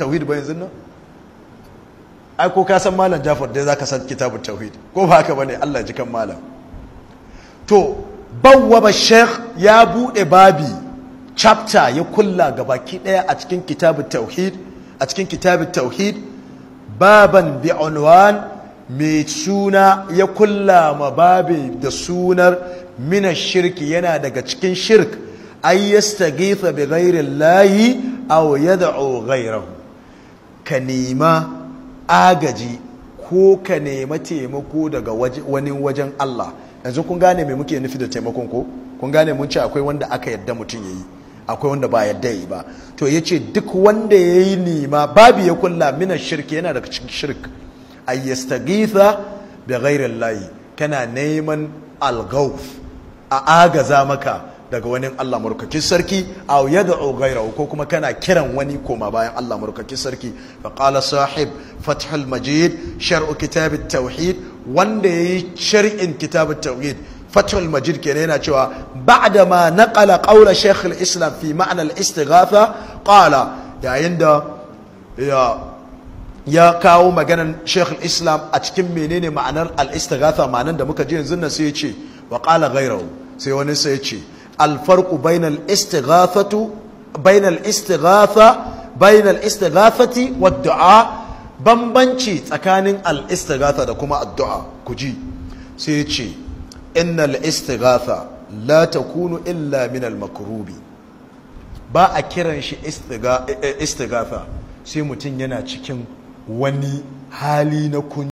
tauhid ba yanzu nan ai ko ka san malam Jafar dai zaka san kitabut tauhid ko ba haka bane Allah ji kan malam to ba sheikh ya bude babi chapter ya kulla gabaki daya a cikin kitabut tauhid a cikin kitabut tauhid baban bi unwan mai suna ya kulla ma babi da sunar mina shirki yana daga cikin shirk ay yastaghitha bi ghairi llahi aw yad'u ghayrahu ka nema agaji ko ka nema taimako daga wani wajen Allah yanzu kun gane mai muke nufi da taimakon ko kun gane mun ce akwai wanda aka yadda mutum ya yi, akwai wanda ba yadda yi ba to ya ce duk wanda ya yi nema babu ya kulla mina shirki yana daga cikin shirk a da gairin layi kana neman algauf a agaza maka daga wani Allah marukaki sarki aw yad'u ghayrahu ko kuma kana kiran wani koma bayan Allah marukaki sarki fa qala sahib fathul majid shar'u kitab tauhid wanda yayi shar'in kitab tauhid fathul majid kenan yana cewa ba'da ma naqala qawla shaykh al-islam fi ma'na al-istighatha qala yayin da ya ya kawo maganan Sheikh Islam a cikin menene ma'anar al-istighatha ma'anan da muka ji yanzu nan sai ya ce wa qala ghayrahu sai wani sai ya ce alfarku bainal bainal istighafa bainal istighafati bambanci tsakanin al da kuma addu'a ku ji sai ce innal istighatha la takunu illa minal makurubi ba a kiran shi istighatha sai mutum yana cikin wani hali na kun